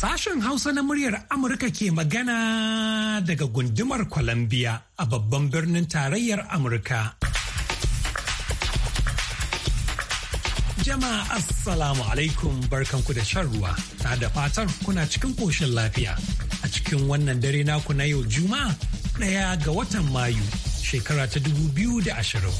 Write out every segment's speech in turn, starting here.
Sashen Hausa na muryar Amurka ke magana daga gundumar Columbia a babban birnin tarayyar Amurka. Jama'a Assalamu alaikum barkanku da shan ruwa, ta da fatar kuna cikin koshin lafiya. A cikin wannan dare naku na yau Juma'a ɗaya ga watan Mayu, shekara ta dubu biyu da ashirin.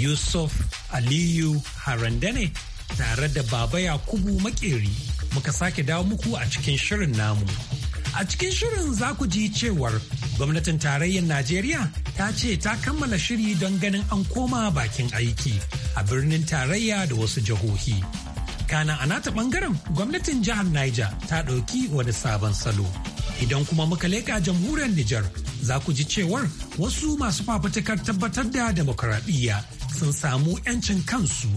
Yusuf Aliyu Harandane tare da Baba Yakubu Makeri. muka sake dawo muku a cikin shirin namu. A cikin shirin za ku ji cewar gwamnatin tarayyar Najeriya ta ce ta kammala shiri don ganin an koma bakin aiki a birnin tarayya da wasu jihohi. Kana a nata bangaren gwamnatin jihar Niger ta ɗauki wani sabon salo. Idan kuma muka leƙa jamhuriyar Nijar za ku ji cewar wasu masu fafutukar tabbatar da demokaradiyya sun samu 'yancin kansu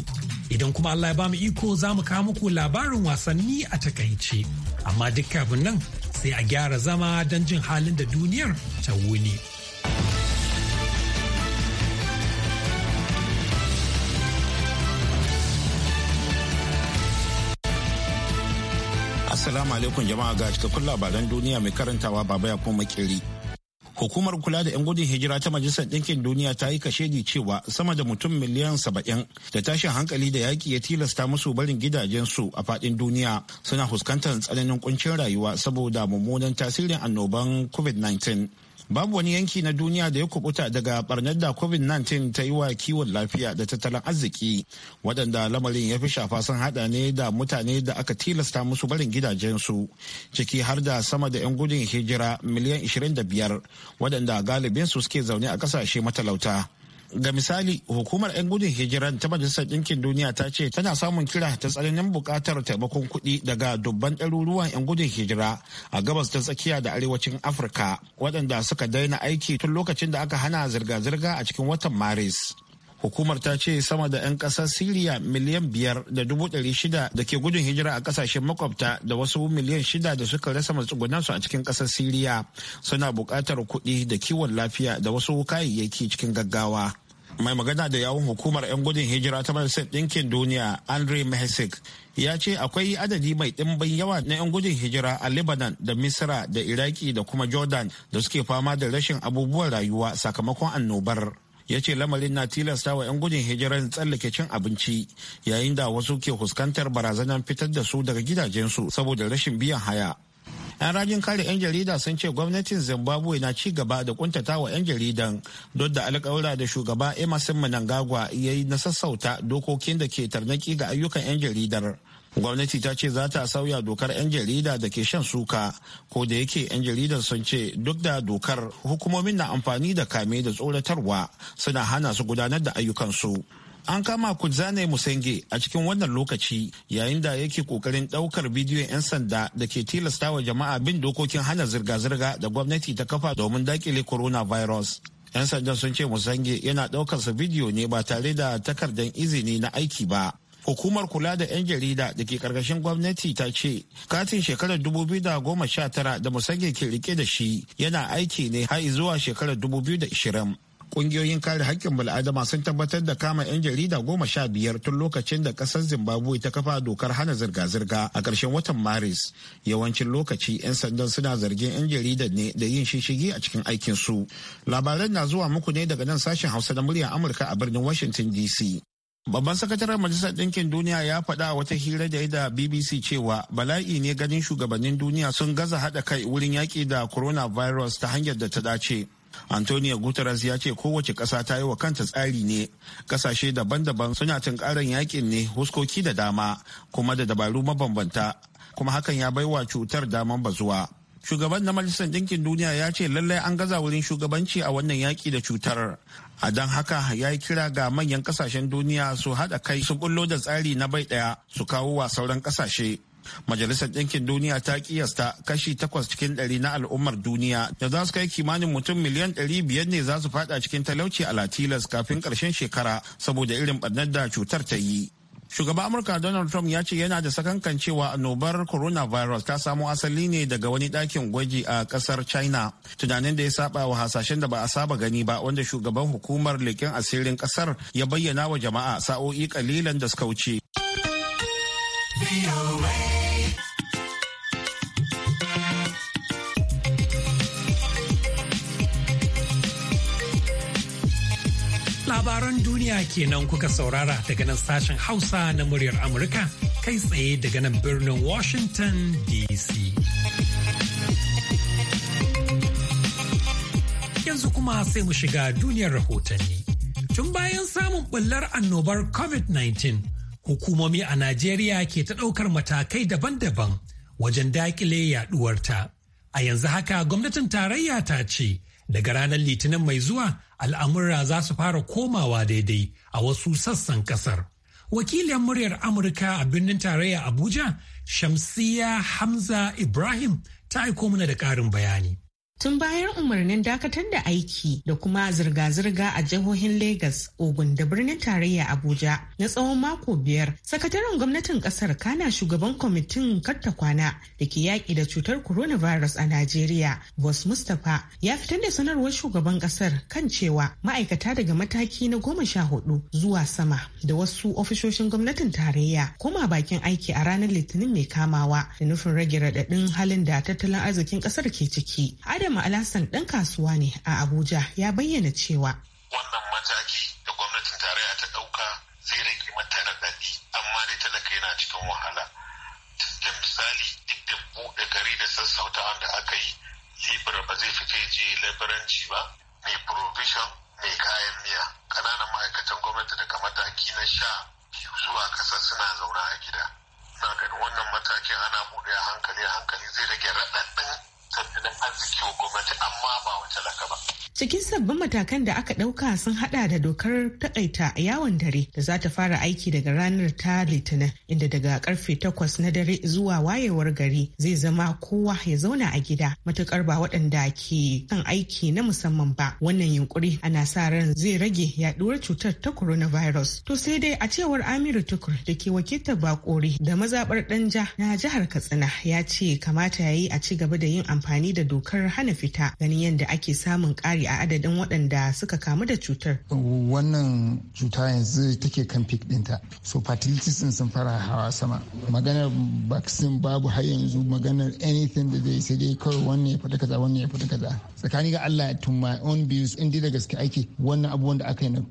Idan kuma Allah ya bamu iko za mu kawo muku labarin wasanni a takaice. Amma duk abin nan sai a gyara zama don jin halin da duniyar ta wuni. Assalamu alaikum jama'a ga cikakkun labaran duniya mai karantawa baba ya kuma makeri. hukumar kula da 'yan gudun hijira ta majalisar ɗinkin duniya ta yi kashedi cewa sama da mutum miliyan saba'in da tashin hankali da yaƙi ya tilasta musu barin gidajensu a faɗin duniya suna fuskantar tsananin kuncin rayuwa saboda mummunan tasirin annoban covid-19 babu wani yanki na duniya da ya kubuta daga barnar da covid-19 ta yi wa kiwon lafiya da tattalin arziki waɗanda lamarin ya fi shafa sun hada ne da mutane da aka tilasta musu barin gidajensu ciki har da sama da 'yan gudun hijira miliyan 25 waɗanda galibinsu suke zaune a ƙasashe matalauta. ga misali hukumar 'yan gudun hijiran ta majalisar ɗinkin duniya ta ce tana samun kira ta tsananin buƙatar taimakon kuɗi daga dubban ɗaruruwan 'yan gudun hijira a gabas ta tsakiya da arewacin afirka waɗanda suka daina aiki tun lokacin da aka hana zirga-zirga a cikin watan maris hukumar ta ce sama da 'yan ƙasar siriya miliyan biyar da dubu ɗari shida da ke gudun hijira a ƙasashen makwabta da wasu miliyan shida da suka rasa matsugunansu a cikin ƙasar siriya suna buƙatar kuɗi da kiwon lafiya da wasu kayayyaki cikin gaggawa mai magana da yawun hukumar 'yan gudun hijira ta majalisar ɗinkin duniya andre mehsik ya ce akwai adadi mai ɗimbin yawa na 'yan gudun hijira a lebanon da misra da iraki da kuma jordan da suke fama da rashin abubuwan rayuwa sakamakon annobar ya ce lamarin na tilasta wa 'yan gudun hijiran tsallake cin abinci yayin da wasu ke fuskantar barazanar fitar da su daga gidajensu saboda rashin biyan haya 'yan rajin kare 'yan jarida sun ce gwamnatin zimbabwe na ci gaba da kuntata wa 'yan jaridan duk da alkawura da shugaba emerson mnangagwa ya yi na sassauta dokokin da ke tarnaki ga ayyukan 'yan jaridar gwamnati ta ce za ta sauya dokar 'yan jarida da ke shan suka ko da yake 'yan jaridar sun ce duk da dokar hukumomin na amfani da kame da tsoratarwa suna hana su gudanar da ayyukansu. An kama Kudzane Musenge a cikin wannan lokaci yayin da yake kokarin daukar bidiyon 'yan sanda da ke tilastawa jama'a bin dokokin hana zirga-zirga da gwamnati ta kafa domin dakile coronavirus. 'Yan sandan sun ce Musange yana daukarsa bidiyo ne ba tare da takardar izini na aiki ba. Hukumar kula da 'yan jarida da ke karkashin gwamnati ta ce katin shekarar 2019 da Musange ke rike da shi yana aiki ne har zuwa shekarar 2020. kungiyoyin kare haƙƙin bal'adama sun tabbatar da kama 'yan jarida goma sha biyar tun lokacin da ƙasar zimbabwe ta kafa dokar hana zirga-zirga a ƙarshen watan maris yawancin lokaci 'yan sandan suna zargin 'yan jarida ne da yin shishigi a cikin aikin su labaran na zuwa muku ne daga nan sashen hausa na muryar amurka a birnin washington dc Babban sakataren Majalisar Ɗinkin Duniya ya faɗa wata hira da da BBC cewa bala'i ne ganin shugabannin duniya sun gaza haɗa kai wurin yaƙi da coronavirus ta hanyar da ta dace. antonio guterres ya ce kowace ƙasa ta yi wa kanta tsari ne ƙasashe daban-daban suna tunkarar yakin ne huskoki da dama kuma da dabaru mabambanta kuma hakan ya baiwa cutar daman bazuwa shugaban na majalisar ɗinkin duniya ya ce lallai an gaza wurin shugabanci a wannan yaki da cutar a don haka ya yi kira ga manyan ƙasashen duniya su haɗa kai su bullo da tsari na bai ɗaya su kawo wa sauran ƙasashe Majalisar Ɗinkin Duniya ta kiyasta kashi takwas cikin ɗari na al'ummar duniya da za su kai kimanin mutum miliyan ɗari biyar ne za su faɗa cikin talauci a Latilas kafin ƙarshen shekara saboda irin ɓarnar da cutar ta yi. Shugaban Amurka Donald Trump ya ce yana da sakankan cewa annobar coronavirus ta samo asali ne daga wani ɗakin gwaji a ƙasar China. Tunanin da ya saba wa hasashen da ba a saba gani ba wanda shugaban hukumar leƙen asirin ƙasar ya bayyana wa jama'a sa'o'i kalilan da suka wuce. Labaran duniya kenan kuka saurara daga nan sashen Hausa na muryar Amurka kai tsaye daga nan birnin Washington DC. Yanzu kuma sai mu shiga duniyar rahotanni. Tun bayan samun bullar annobar COVID-19, hukumomi a Najeriya ke ta ɗaukar matakai daban-daban wajen daƙile yaɗuwarta. A yanzu haka gwamnatin tarayya ta ce, Daga ranar Litinin mai zuwa al'amurra za su fara komawa daidai a wasu sassan kasar. Wakilin muryar Amurka a birnin tarayya Abuja, Shamsiya Hamza Ibrahim ta aiko mana da ƙarin bayani. tun bayan umarnin dakatar da aiki da kuma zirga-zirga a jihohin Legas, Ogun da birnin tarayya Abuja na tsawon mako biyar. Sakataren gwamnatin kasar kana shugaban kwamitin karta kwana da ke yaƙi da cutar coronavirus a Najeriya, Bos Mustapha ya fitar da sanarwar shugaban kasar kan cewa ma'aikata daga mataki na goma sha hudu zuwa sama da wasu ofisoshin gwamnatin tarayya koma bakin aiki a ranar Litinin mai kamawa da nufin rage raɗaɗin halin da tattalin arzikin kasar ke ciki. Adam Ibrahim Alhassan ɗan kasuwa ne a Abuja ya bayyana cewa. Wannan mataki da gwamnatin tarayya ta ɗauka zai rage mata raɗaɗi amma dai talaka na cikin wahala. Da misali duk da buɗe gari da sassauta da aka yi libra ba zai fita je labaranci ba mai provision mai kayan miya ƙananan ma'aikatan gwamnati daga mataki na sha biyu zuwa ƙasa suna zauna a gida. Na ganin wannan matakin ana buɗe hankali hankali zai rage raɗaɗin tattalin arziki wa gwamnati amma ba wata talaka ba. Cikin sabbin matakan da aka ɗauka sun haɗa da dokar taƙaita a yawon dare da za ta fara aiki daga ranar ta litinin inda daga karfe takwas na dare zuwa wayewar gari zai zama kowa ya zauna a gida matukar ba waɗanda ke kan aiki na musamman ba wannan yunkuri ana sa ran zai rage yaduwar cutar ta coronavirus. To sai dai a cewar Amiru Tukur da ke wakiltar bakori da mazaɓar ɗanja na jihar Katsina ya ce kamata ya yi a ci gaba da yin amfani amfani da dokar hana fita ganin yadda ake samun kari a adadin waɗanda suka kamu da cutar. Wannan cuta yanzu take kan fik ɗinta. So fertilities sun fara hawa sama. Maganar vaccine babu har yanzu maganar anything da zai sai dai kawai wannan ya faɗi kaza wannan ya faɗi kaza. Tsakani ga Allah to my own views in da gaske ake wannan abubuwan da aka yi na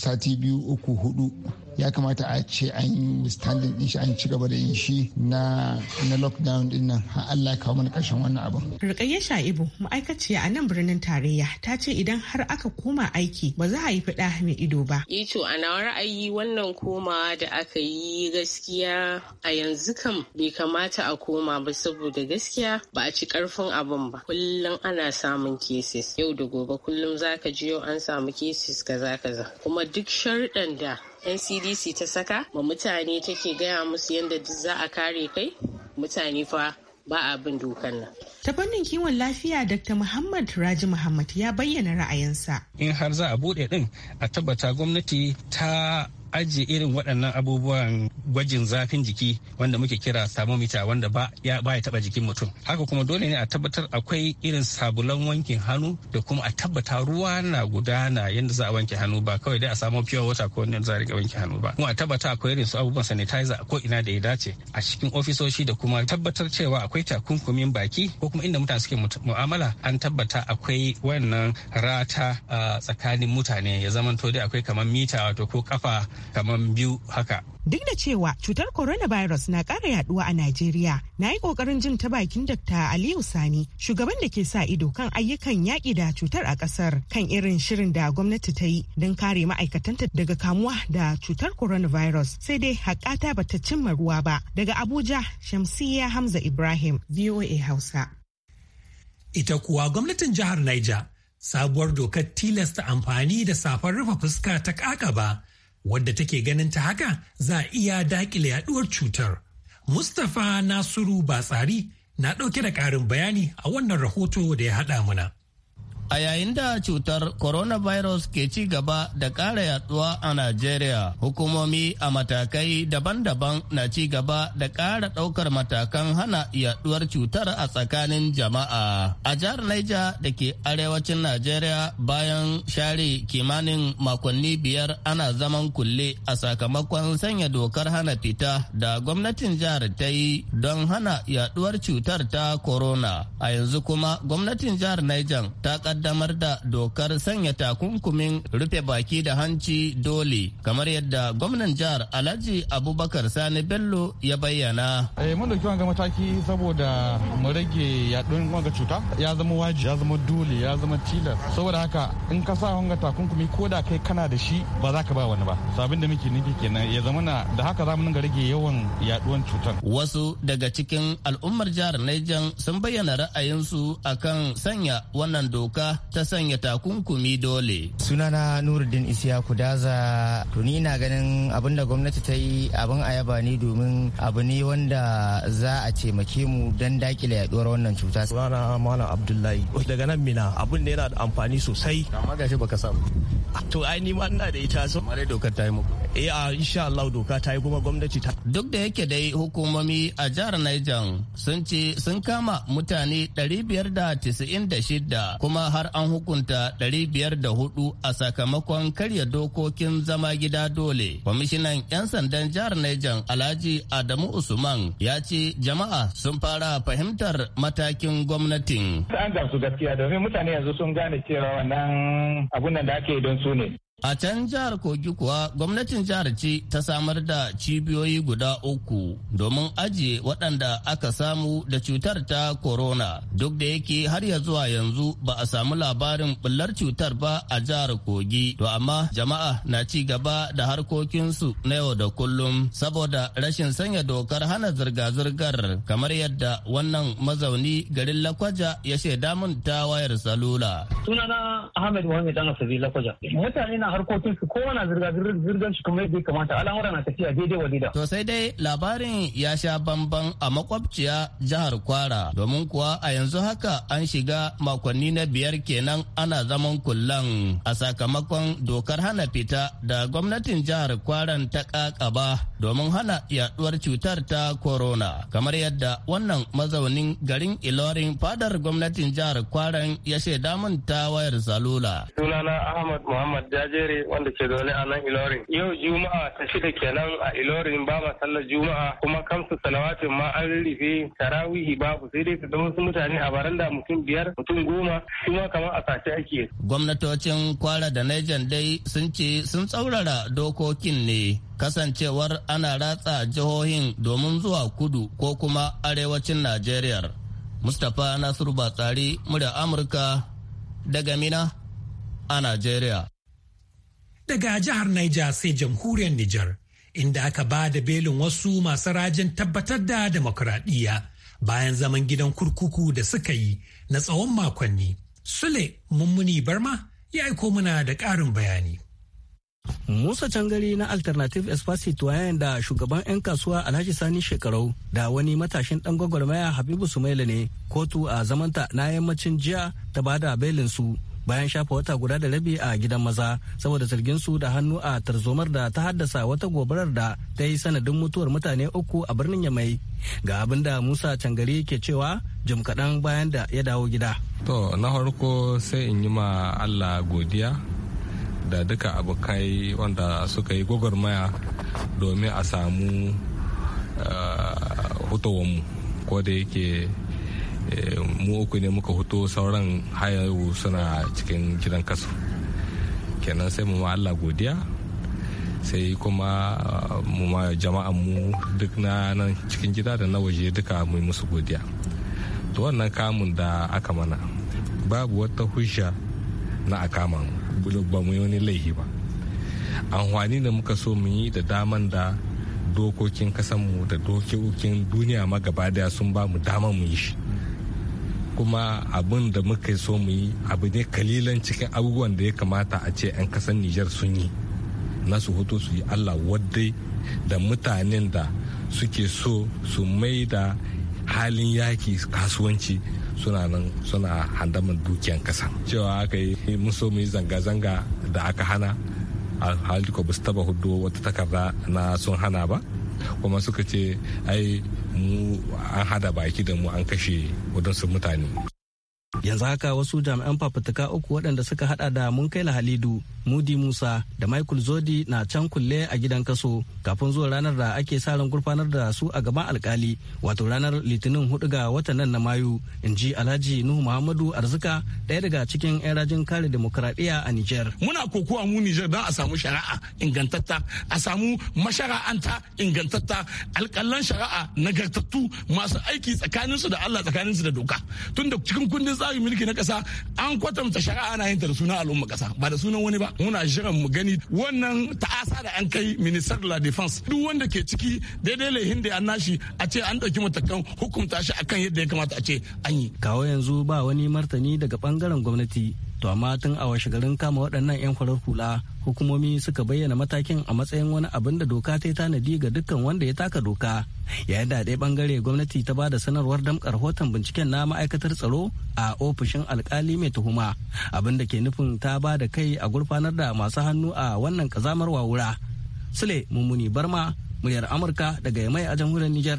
sati biyu uku hudu ya kamata a ce an yi standing din shi an ci gaba da yin shi na na lockdown din nan har Allah ya kawo mana karshen wannan abin. Rukayya Sha'ibu ma'aikaciya a nan birnin tarayya ta ce idan har aka koma aiki ba za a yi fida mai ido ba. Eh to a nawa ra'ayi wannan koma da aka yi gaskiya a yanzu kam bai kamata a koma ba saboda gaskiya ba a ci karfin abin ba. Kullum ana samun cases yau da gobe kullum zaka ji yau an samu cases kaza kaza kuma duk sharuɗan da ncdc ta saka ma mutane take gaya musu yadda za a kare kai mutane fa ba abin bin dokan nan. Ta fannin kiwon lafiya Dr. Muhammad Raji Muhammad ya bayyana ra'ayinsa. In har za a buɗe din a tabbata gwamnati ta ajiye irin waɗannan abubuwan gwajin zafin jiki wanda muke kira thermometer wanda ba ya ba ya taba jikin mutum haka kuma dole ne a tabbatar akwai irin sabulan wankin hannu da kuma a tabbata ruwa na gudana yadda za a wanke hannu ba kawai dai a samu pure water ko wanda za a riga wanke hannu ba kuma a tabbata akwai irin su abubuwan sanitizer ko ina da ya dace a cikin ofisoshi da kuma tabbatar cewa akwai takunkumin baki ko kuma inda mutane suke mu'amala an tabbata akwai wannan rata ah, tsakanin mutane ya zamanto dai akwai kamar mita wato ko kafa kamar biyu haka. Duk da cewa cutar coronavirus na ƙara yaduwa a Najeriya, na yi ƙoƙarin jin ta bakin Dr. Aliyu Sani, shugaban da ke sa ido kan ayyukan yaƙi da cutar a ƙasar kan irin shirin da gwamnati ta yi don kare ma'aikatanta daga kamuwa da cutar coronavirus. Sai dai haƙata ba ta cimma ruwa ba. Daga Abuja, Shamsiyya Hamza Ibrahim, VOA Hausa. Ita kuwa gwamnatin jihar Niger, sabuwar dokar tilasta amfani da safar rufe fuska ta ƙaƙa ba wadda take ganin ta haka za a iya dakile yaduwar cutar. Mustapha Nasiru Batsari na ɗauke da ƙarin bayani a wannan rahoto da ya haɗa mana. A yayin da cutar coronavirus ke ci gaba da ƙara yaduwa a Najeriya, hukumomi a matakai daban-daban na ci gaba da ƙara ɗaukar matakan hana yaduwar cutar a tsakanin jama'a. A jihar Niger da ke arewacin Najeriya bayan share kimanin makonni biyar ana zaman kulle a sakamakon sanya dokar hana fita da gwamnatin jihar ta yi don hana yaduwar cutar ta corona. A yanzu kuma gwamnatin jihar Niger ta kaddamar da dokar sanya takunkumin rufe baki da hanci dole kamar yadda gwamnan jihar Alhaji Abubakar Sani Bello ya bayyana. Eh mun dauki wanga mataki saboda mu rage yaɗuwar wanga cuta ya zama waji ya zama dole ya zama tila saboda haka in ka sa wanga takunkumi ko da kai kana da shi ba za ka ba wani ba. Sabin da muke nufi kenan ya zama na da haka za mu rage yawan yaduwan cutar. Wasu daga cikin al'ummar jihar Niger sun bayyana ra'ayinsu akan sanya wannan doka ta sanya takunkumi dole. Sunana Nuruddin Isiya Kudaza to ni ganin abin da gwamnati ta yi abin ayaba ne domin abu ne wanda za a taimake mu don dakile yaduwar wannan cuta. Sunana Malam Abdullahi daga nan Mina abin da yana da amfani sosai. Amma gashi baka samu. Ah, to ai ni ma ina da ita so. Mare dokar ta yi muku. Eh a ah, insha Allah doka ta yi kuma gwamnati ta. Duk da yake dai hukumomi a jihar Niger sun ce sun kama mutane 596 kuma har an hukunta 504 a sakamakon karya dokokin zama gida dole. Kwamishinan 'yan sandan jihar Niger Alhaji Adamu Usman ya ce jama'a sun fara fahimtar matakin gwamnatin. An gamsu gaskiya domin mutane yanzu sun gane cewa wannan abun da ake don su ne. A can jihar Kogi kuwa gwamnatin jihar ce ta samar da cibiyoyi guda uku domin ajiye waɗanda aka samu da cutar ta corona duk da yake har ya zuwa yanzu ba a samu labarin bullar cutar ba a jihar Kogi. To amma jama'a na ci gaba da harkokinsu na yau da kullum saboda rashin sanya dokar hana zirga-zirgar kamar yadda wannan mazauni garin Lakwaja ya shaida mun ta wayar salula. Sunana Ahmed Lakwaja. Mutane wannan harkokin su ko wani zirga zirgan shi kuma yadda ya kamata al'amura na tafiya daidai wa daidai. to sai dai labarin ya sha bamban a makwabciya jihar kwara domin kuwa a yanzu haka an shiga makonni na biyar kenan ana zaman kullan a sakamakon dokar hana fita da gwamnatin jihar kwaran ta kakaba domin hana yaduwar cutar ta corona kamar yadda wannan mazaunin garin ilorin fadar gwamnatin jihar kwaran ya shaida min ta wayar zalula. Sunana Ahmad Muhammad Jajere wanda ke zaune a nan ilorin. Yau Juma'a ta shida kenan a ilorin ba ma sallar Juma'a kuma kamsu salawatin ma an rufe tarawihi babu sai dai su zama wasu mutane a baranda mutum biyar mutum goma ma kamar a sace ake. Gwamnatocin kwara da Niger dai sun ce sun tsaurara dokokin ne kasancewar ana ratsa jihohin domin zuwa kudu ko kuma arewacin Najeriya. Mustapha Nasiru Batsari murya Amurka daga Mina a Najeriya. Daga jihar Niger sai jamhuriyar Nijar inda aka ba da belin wasu masu rajin tabbatar da demokuraɗiyya bayan zaman gidan kurkuku da suka yi na tsawon makonni. Sule Mummuni Barma ya aiko muna da ƙarin bayani. Musa Cangari na Alternative Espacito yayin da shugaban 'yan kasuwa Alhaji Sani Shekarau da wani matashin ɗan gwagwarmaya Habibu Sumaila ne kotu a zamanta na yammacin jiya ta bada belin su bayan shafa wata guda da rabi a gidan maza saboda zargin su da hannu a tarzomar da ta haddasa wata gobarar da ta yi sanadin mutuwar mutane uku a birnin Yamai. Ga abin da Musa Cangari ke cewa jim kaɗan bayan da ya dawo gida. To na farko sai in yi ma Allah godiya da duka abokai wanda suka yi gwagwarmaya domin a samu eh, hutawanmu ko da yake eh, mu uku ne muka huto sauran hayaru suna cikin gidan kasu kenan sai mu ma Allah godiya sai kuma eh, mu ma jama'an duk na nan cikin gida da na waje duka mu musu godiya to wannan kamun da aka mana babu wata hujja na akama mu ba mu yi wani laifi ba amfani da muka so mu yi da daman da dokokin kasanmu da dokokin duniya ma gaba daya sun ba mu dama mu yi shi kuma abin da muka so mu yi abu ne kalilan cikin abubuwan da ya kamata a ce 'yan kasan nijar sun yi na su hoto su yi allah wadai da mutanen da suke so su mai da halin yaki kasuwanci suna nan suna handaman dukiyan kasa cewa aka yi eh, mun so mu yi zanga-zanga da aka hana alhaliko ba su taba hudu wata takarda na sun hana ba kuma suka ce ai mu an hada baki da mu an kashe wadansu mutane yanzu haka wasu jami'an fafutuka uku waɗanda suka haɗa da munkaila halidu mudi musa da michael zodi na can kulle a gidan kaso kafin zuwa ranar da ake sa ran gurfanar da su a gaban alkali wato ranar litinin hudu ga watan nan na mayu in ji alhaji nuhu muhammadu arzika ɗaya daga cikin yan rajin kare demokuraɗiyya a niger muna kokowa mu niger don a samu shari'a ingantatta a samu mashara'anta ingantatta alƙalan shari'a nagartattu masu aiki tsakaninsu da allah tsakaninsu da doka tunda cikin kundin tsarin mulki na kasa an kwatanta shari'a ana yin ta da sunan al'umma kasa ba da sunan wani ba muna shirin mu gani wannan ta'asa da an kai minister la defense duk wanda ke ciki daidai laihin da an nashi a ce an ɗauki matakan hukunta shi akan yadda ya kamata a ce an yi kawo yanzu ba wani martani daga bangaren gwamnati to amma tun a washe garin kama waɗannan 'yan farar hula hukumomi suka bayyana matakin a matsayin wani abin da doka ta yi tanadi ga dukkan wanda ya taka doka yayin da ɗaya bangare gwamnati ta ba da sanarwar damkar rahoton binciken na ma'aikatar tsaro a ofishin alkali mai tuhuma abin da ke nufin ta ba da kai a gurfanar da masu hannu a wannan kazamar wawura sule mummuni barma muryar amurka daga yamai a jamhuriyar niger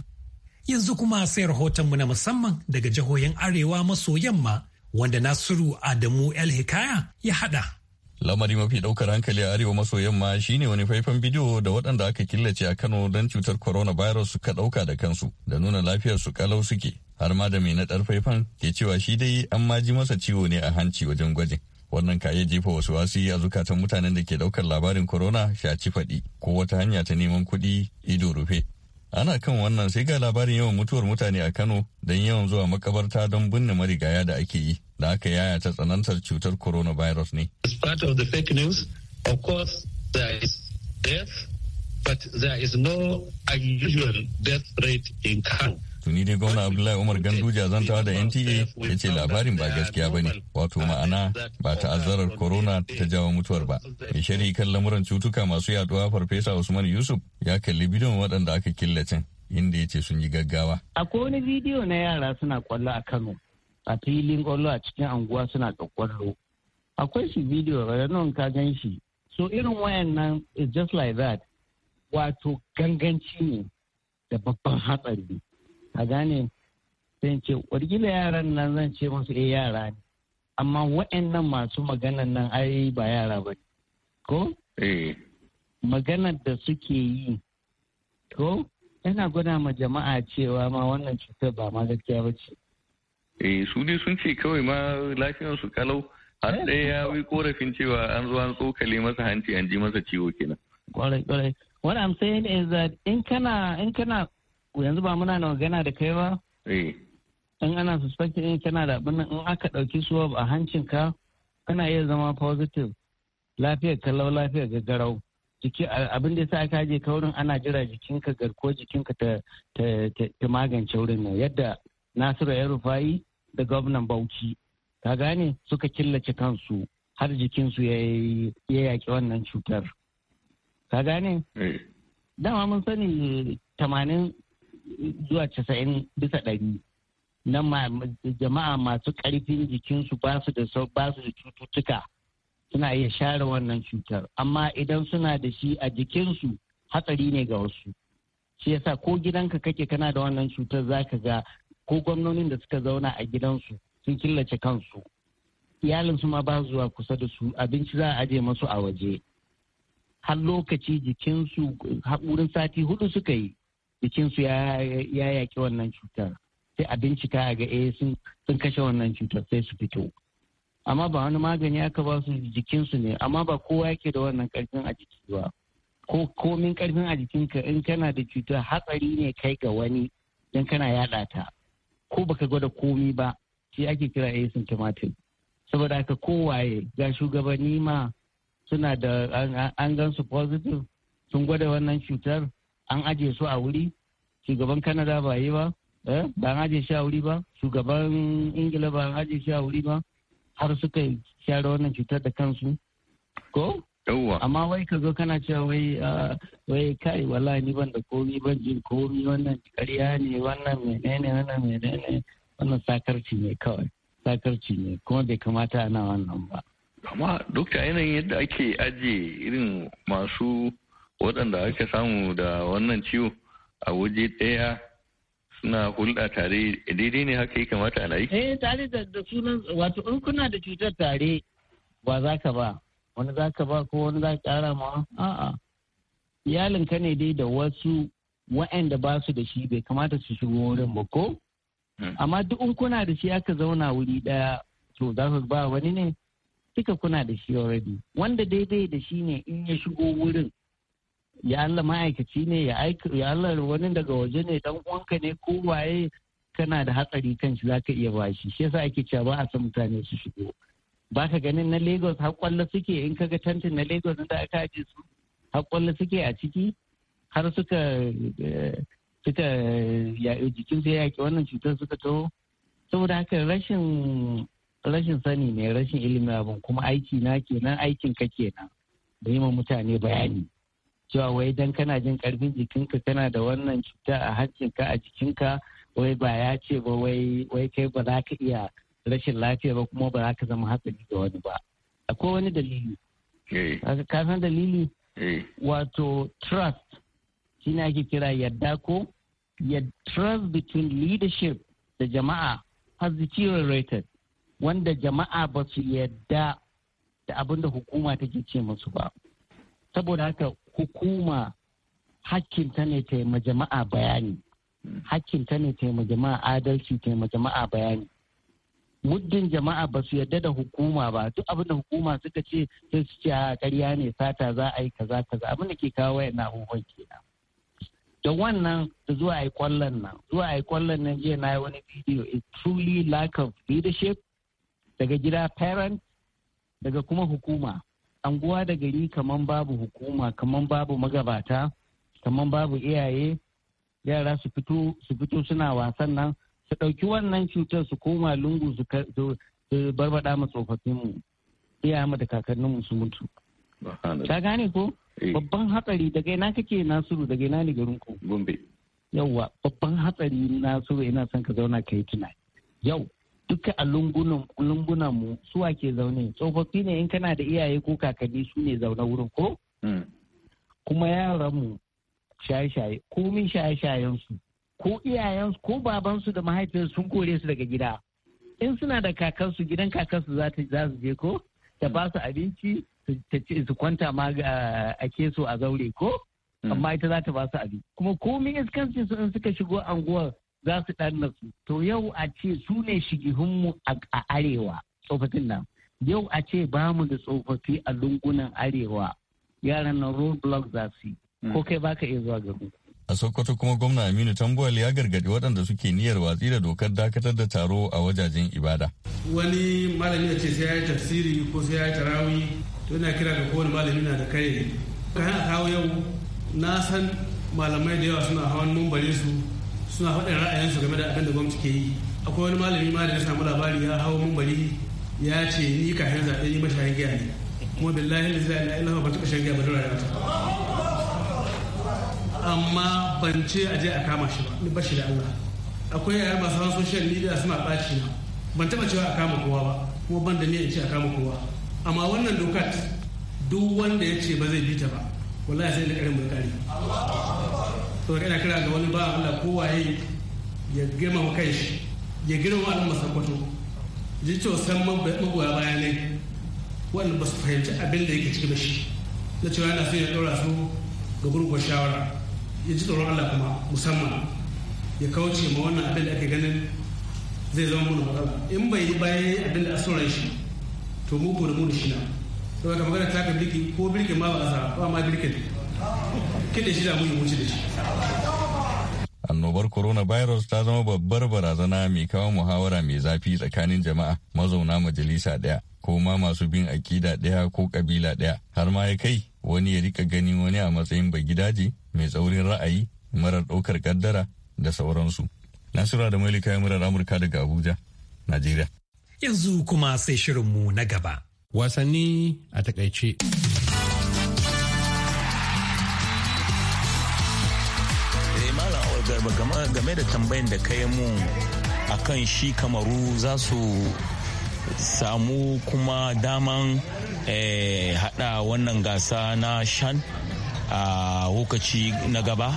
yanzu kuma sai rahotonmu na musamman daga jihohin arewa maso yamma wanda Nasiru Adamu El Hikaya ya hada. Lamari mafi ɗaukar hankali a arewa maso yamma shine wani faifan bidiyo da waɗanda aka killace a Kano don cutar coronavirus suka ɗauka da kansu da nuna lafiyar su kalau suke har ma da mai naɗar faifan ke cewa shi dai an ma ji masa ciwo ne a hanci wajen gwajin. Wannan ka iya jefa wasu wasi a zukatan mutanen da ke ɗaukar labarin corona shaci faɗi ko wata hanya ta neman kuɗi ido rufe ana kan wannan sai ga labarin yawan mutuwar mutane a kano don yawan zuwa makabarta don binne marigaya da ake yi da aka yaya ta tsanantar cutar coronavirus ne. As part of the fake news, of course, there is death, but there is no unusual death rate in Kano. Tuni dai gwamna Abdullahi Umar gandu zantawa da NTA ya ce labarin ba gaskiya ba ne, wato ma'ana ba ta'azzarar corona ta jawo mutuwar ba. Mai shari'i kan lamuran cutuka masu yaduwa Farfesa Usman Yusuf ya kalli bidiyon waɗanda aka killacin inda ya ce sun yi gaggawa. Akwai wani bidiyo na yara suna kwallo a Kano, a filin kwallo a cikin anguwa suna da kwallo. Akwai shi bidiyo ranar ka gan shi. So irin wayannan is just like that. Wato ganganci ne da babban hatsari. a gane zan ce wargila yaran nan zan ce masu eh yara ne amma wa'annan masu maganan nan ai ba yara ba ko eh. maganar da suke yi ko yana gwada ma jama'a cewa ma wannan cutar ba ma gaskiya ba ce eh su dai sun ce kawai ma lafiyar su kalau har eh. ɗaya ya yi korafin cewa an zo an tsokale masa hanci an ji masa ciwo kenan kwarai kwarai what i'm saying is that in kana in kana yanzu ba muna na magana da kai ba eh. in ana suspecting in kana da abin in aka ɗauki suwab a hancinka kana iya zama positive lafiyar kalau lafiyar gaggarau jiki abin da yasa ka je kaurin ana jira jikinka garko jikinka ta ta magance wurin nan yadda Nasiru ya rufayi da gwamnan Bauchi ka gane suka killace kansu har jikinsu ya yaƙi wannan cutar ka gane eh. dama mun sani tamanin zuwa casa'in bisa ɗari na jama'a masu ƙarfin jikinsu ba su da cututtuka suna iya share wannan cutar amma idan suna da shi a jikinsu hatsari ne ga wasu shi yasa ko gidanka kake kana da wannan cutar za ka ga ko gwamnonin da suka zauna a gidansu sun killace kansu iyalinsu ma ba zuwa kusa da su abinci za a aje masu a waje har lokaci jikinsu haƙurin sati hudu suka yi jikinsu ya yaƙi wannan cutar sai a bincika ga eh sun kashe wannan cutar sai su fito amma ba wani magani aka ba su jikinsu ne amma ba kowa yake da wannan karfin a jiki ba ko komin karfin a jikinka in kana da cutar hatsari ne kai ga wani don kana yaɗa ta ko baka gwada komi ba shi ake kira tumatir saboda haka kowaye ga shugabanni ma suna da an gan su positive sun gwada wannan cutar an aje su a wuri shugaban Kanada ba yi ba eh, ba an aje shi a wuri ba shugaban ingila ba an aje shi a wuri ba har suka share wannan cutar da kansu ko amma wai ka zo kana cewa wai ah, wai kai wallahi ni ban da komi ban jin komi wannan ƙarya ne wannan menene wannan menene wannan sakarci ne kawai sakarci ne kuma bai kamata ana wannan ba amma dokta yanayin yadda ake ajiye irin masu waɗanda aka samu da wannan ciwo a waje ɗaya suna hulɗa tare daidai ne haka ya kamata ana yi? Eh tare da sunan wato in kuna da cutar tare ba za ka ba wani za ka ba ko wani za ka ƙara ma a'a ka ne dai da wasu wa'anda ba su da shi bai kamata su shigo wurin ba ko? Hmm. Amma duk in kuna da shi aka zauna wuri ɗaya to za ka ba wani ne duka kuna da shi already wanda daidai da shi ne in ya shigo wurin ya Allah ma'aikaci ne ya Allah wani daga waje ne dan uwanka ne ko waye kana da hatsari kan shi zaka iya bashi shi yasa ake cewa ba a san mutane su shigo ba ka ganin na Lagos har suke in ka tantin na Lagos da aka aje su har suke a ciki har suka eh, suka ya jikin su yaƙi wannan cutar suka to saboda haka rashin rashin sani ne rashin ilimi abin kuma aiki na kenan aikin ka kenan da yi mutane bayani cewa wai dan kana jin karfin jikinka kana da wannan cuta a hancinka a jikinka wai ba ya ce ba wai kai ba za ka iya rashin lafiya ba kuma ba za ka zama hatsari ga wani ba akwai wani dalili eh. ka san dalili eh. wato trust shi ne ake kira yadda ko trust between leadership da jama'a has deteriorated wanda jama'a ba su yadda da abin da hukuma take ce musu ba saboda haka hukuma ta ne ta jama'a bayani ta ne ta jama'a adalci ta jama'a bayani muddin jama'a ba su yarda da hukuma ba duk abin da hukuma suka ce sai su ce a ƙarya ne sata za a yi kaza kaza abin da ke kawo wayan abubuwan kenan da wannan da zuwa a yi kwallon nan zuwa a yi kwallon nan jiya na yi wani bidiyo is truly lack of leadership daga gida parent daga kuma hukuma anguwa da gari kaman babu hukuma kaman babu magabata kaman babu iyaye yara su fito su fito suna wasan nan su ɗauki wannan cutar su koma lungu su barbada mu tsofaffinmu iya mu da kakanninmu su mutu ta gane ko eh. babban hatsari daga ina kake nasiru daga ina ne garin ku gombe yauwa babban hatsari nasiru ina son ka zauna ka yi tunani yau duka a lungunan mu suwa ke zaune tsofaffi ne in kana da iyaye ko kakanni su ne zaune wurin ko hmm. kuma yaran mu shaye-shaye Ko min shaye-shayen su ko iyayen ko babansu da mahaifiyarsu sun kore su daga gida in suna da kakansu gidan kakansu za su je ko ta ba su abinci su kwanta ma a keso a zaure ko hmm. amma ita za ta ba su abinci kuma komin iskancin su in suka shigo anguwar za su ɗan nasu to yau a ce su ne shigihunmu a arewa tsofaffin nan yau a ce ba mu da tsofaffi a lungunan arewa yaran nan roadblock za su yi mm. ko kai baka iya zuwa garin a sokoto kuma gwamna aminu tambuwal ya gargadi waɗanda suke niyyar watsi da dokar dakatar da taro a wajajen ibada wani malami ya ce sai ya yi tafsiri ko sai ya yi tarawi to yana kira ga kowane malami na da kai kayan a kawo yau na san malamai da yawa suna hawan numbarin su suna faɗin ra'ayinsu game da abin da gwamnati ke yi akwai wani malami ma da ya samu labari ya hawo mumbari ya ce ni kafin zaɓe ni mashayin giya ne kuma billahi da zai ilaha illa ban taɓa shan giya ba dora ta amma ban ce a je a kama shi ba ni bashi da Allah akwai yaya masu hawan social media suna ɓaci na ban taɓa cewa a kama kowa ba kuma ban da ni in ce a kama kowa amma wannan dokat duk wanda ya ce ba zai bi ta ba wallahi sai da ƙarin bulgari to ina kira ga wani ba Allah ko waye ya gama kai shi ya girma al'umma sakwato ji to san magoya bayanai wani ba su fahimci abin da yake cikin shi na cewa yana son ya ɗora su ga gurgun shawara ya ji tsoron Allah kuma musamman ya kauce ma wannan abin da ake ganin zai zama mun matsala in bai yi bayan abin da asuran shi to mu ko da mu da shi na saboda magana ta ka birki ko birkin ma ba a sa ba ma birkin annobar shi da mu da shi annobar coronavirus ta zama babbar barazana mai kawo muhawara mai zafi tsakanin jama'a mazauna majalisa ɗaya, ko ma masu bin akida ɗaya ko ƙabila ɗaya, har ma ya kai wani ya rika ganin wani a matsayin gidaje mai tsaurin ra'ayi marar ɗaukar kaddara da sauransu nasura da mailika ya murar amurka daga abuja najeriya yanzu kuma sai shirinmu na gaba wasanni a takaice garba game da tambayin da kai mu kan shi kamaru za su samu kuma daman eh, hada wannan gasa na shan a lokaci na gaba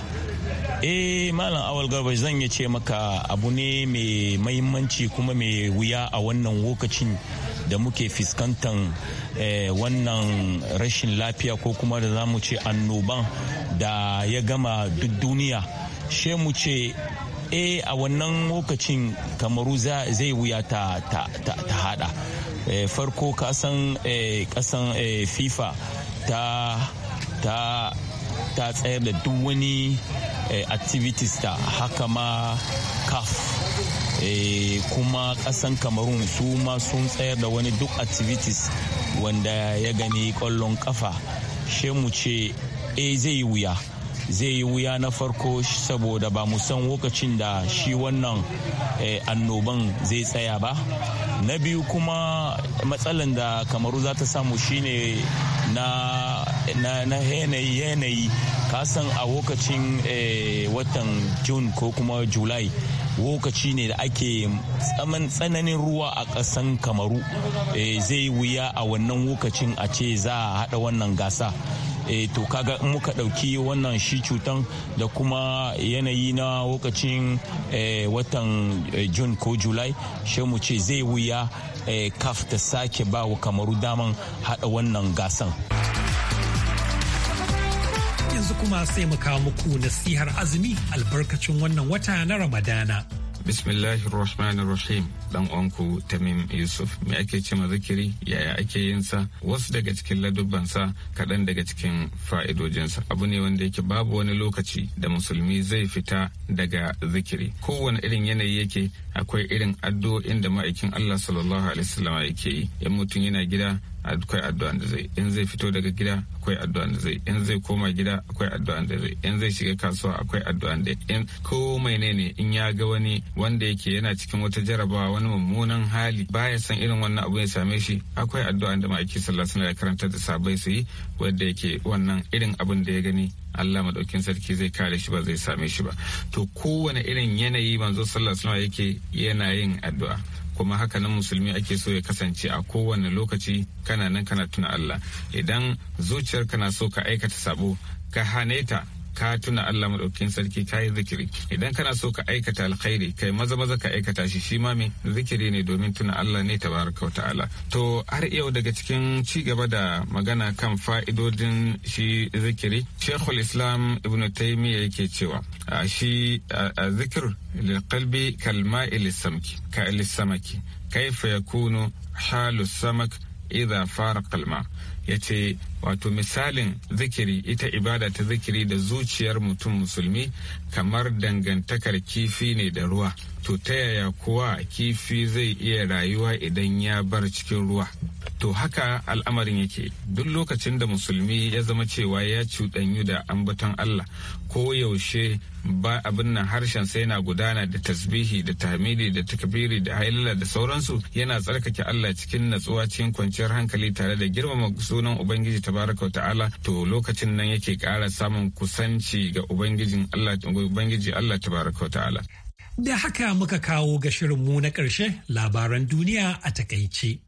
eh malam awal garba zan ya ce maka abu ne mai mahimmanci kuma mai wuya a wannan lokacin da muke fuskantar eh, wannan rashin lafiya ko kuma da zamu ce annoban da ya gama duk duniya she mu ce e a wannan lokacin kamaru zai wuya ta, ta, hada eh, farko kasan eh, e, kasan fifa ta ta ta tsayar da duk wani e, activities ta haka ma caf kuma kasan kamarun su ma sun tsayar da wani duk activities wanda ya gani kwallon kafa she mu ce e zai wuya zai yi wuya na farko saboda ba mu san lokacin da shi wannan eh, annoban zai tsaya ba na biyu kuma matsalan da kamaru za ta samu shine na na yanayi yanayi kasan a lokacin eh, watan june ko kuma july lokaci ne da ake tsananin ruwa a ƙasan kamaru eh, zai wuya a wannan lokacin a ce za a haɗa wannan gasa Eh, to kaga in muka ɗauki wannan shi cutan da kuma yanayi na lokacin eh, watan eh, june ko july shi mu ce zai wuya kaf ta sake ba wa kamaru daman hada wannan gasan yanzu kuma sai mu kawo muku nasihar azumi albarkacin wannan wata na ramadana bismillahir rahmanir rahim dan uwanku tamim yusuf me ake ce ma zikiri yaya ake yin sa wasu daga cikin ladubban kaɗan daga cikin fa'idojinsa abu ne wanda yake babu wani lokaci da musulmi zai fita daga zikiri kowane irin yanayi yake akwai irin addu'o'in da ma'aikin allah sallallahu alaihi wasallam yake yi in mutum yana gida akwai addu'an da zai in zai fito daga gida akwai addu'an da zai in zai koma gida akwai addu'an da zai in zai shiga kasuwa akwai addu'an da in komai ne ne in ya ga wani wanda yake yana cikin wata jarabawa wani mummunan hali baya san irin wannan abu ya same shi akwai addu'an da ma'aiki sallah suna da karanta da sabai su yi wanda yake wannan irin abin da ya gani Allah madaukin sarki zai kare shi ba zai same shi ba to kowane irin yanayi manzo sallallahu alaihi yake yana yin addu'a kuma haka nan musulmi ake so ya kasance a kowane lokaci kana nan kana tuna Allah idan zuciyarka na so ka aikata sabo ka hane ta ka tuna Allah maɗaukin sarki ka yi zikiri idan kana so ka aikata alkhairi kai maza maza ka aikata shi shi ma me zikiri ne domin tuna Allah ne tabaraka wa ta'ala to har yau daga cikin ci gaba da magana kan fa'idodin shi zikiri Sheikhul Islam Ibn Taymiyyah yake cewa shi zikir lil kalma kalma'i lisamki ka lisamaki kaifa yakunu halu samak idza faraqa ya ce wato misalin zikiri ita ibada ta zikiri da zuciyar mutum musulmi kamar dangantakar kifi ne da ruwa to ta yaya kuwa kifi zai iya rayuwa idan ya bar cikin ruwa to haka al'amarin yake duk lokacin da musulmi ya zama cewa ya cuɗanyu da ambaton Allah ko yaushe ba abin nan harshen sai yana gudana da tasbihi da tahmidi da takbiri da hailala da sauransu yana tsarkake Allah cikin natsuwa cikin kwanciyar hankali tare da girmama sunan ubangiji tabaraka ta'ala to lokacin nan yake ƙara samun kusanci ga ubangijin Allah ubangiji Allah tabaraka ta'ala da haka muka kawo ga shirinmu na ƙarshe labaran duniya a takaice.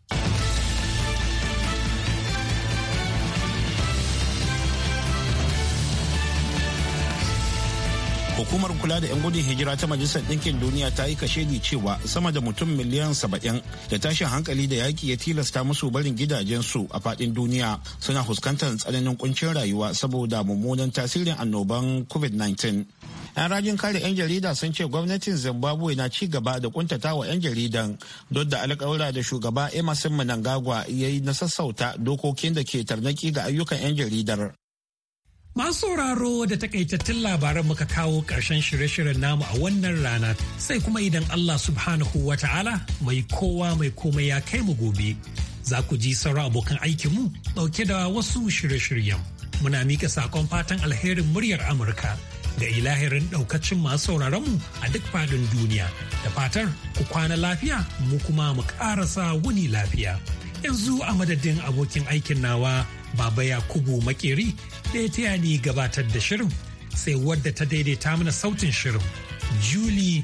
hukumar kula da 'yan gudun hijira ta majalisar ɗinkin duniya ta yi kashedi cewa sama da mutum miliyan saba'in da tashin hankali da yaƙi ya tilasta musu barin gidajensu a faɗin duniya suna fuskantar tsananin kuncin rayuwa saboda mummunan tasirin annoban covid-19 'yan rajin kare 'yan jarida sun ce gwamnatin zimbabwe na ci gaba da kuntata wa 'yan jaridan duk da alkawura da shugaba emerson mnangagwa ya yi na sassauta dokokin da ke tarnaki ga ayyukan 'yan jaridar Masu sauraro da takaitattun labaran muka kawo ƙarshen shirye-shiryen namu a wannan rana sai kuma idan Allah subhanahu wa ta'ala mai kowa mai komai ya kai mu gobe. Za ku ji sauran abokan aikinmu ɗauke da wasu shirye-shiryen. Muna mika saƙon fatan alherin muryar Amurka ga ilahirin ɗaukacin masu sauraronmu a duk faɗin duniya. Da fatar ku kwana lafiya mu kuma mu ƙarasa wuni lafiya. Yanzu a madadin abokin aikin nawa Baba Yakubu Makeri da ya taya ni gabatar da shirin sai wadda ta daidaita mana sautin shirin Julie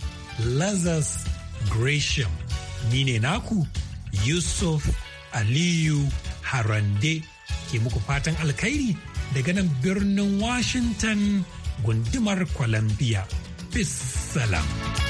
Lazarus Gresham. Ni ne naku Yusuf Aliyu Harande ke muku fatan alkhairi daga nan birnin Washington gundumar Columbia. Peace salam.